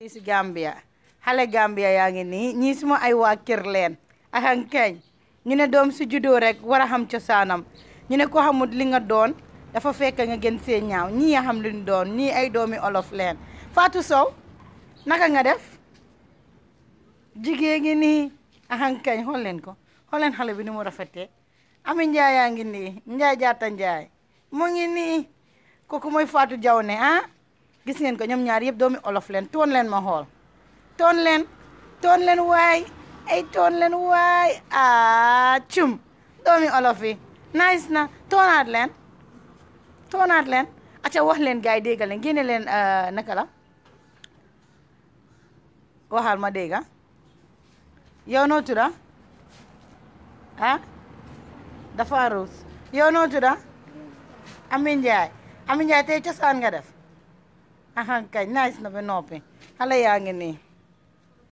fii si Gambia xale Gambia yaa ngi nii ñii suma ay waa kër leen ahankeñ ñu ne doom si juddoo rek war a xam cosaanam ñu ne ko xamut li nga doon dafa fekk nga gën see ñaaw ñii a xam li ñu doon ñii ay doomi olof leen faatu Sow naka nga def jigéen ngi nii ahankeñ xool leen ko xool xale bi ni mu rafetee am Njaay yaa ngi nii Njaay jaata Njaay mu ngi nii kooku mooy faatu Jaw ne ah gis ngeen ko ñoom ñaar yëpp doomi olof leen toon leen ma xool toon leen toon leen waay ay toon leen waay a cum doomi olof yi nice na toonaat leen toonaat leen aca wax leen gars yi déggal leen génne leen naka la waxaal ma dégga ah. yow noo tudda ah? ah dafa ruus yow ah? tey cosaan nga def అహంకాయ నాశనమే నోపే అలా యాగిని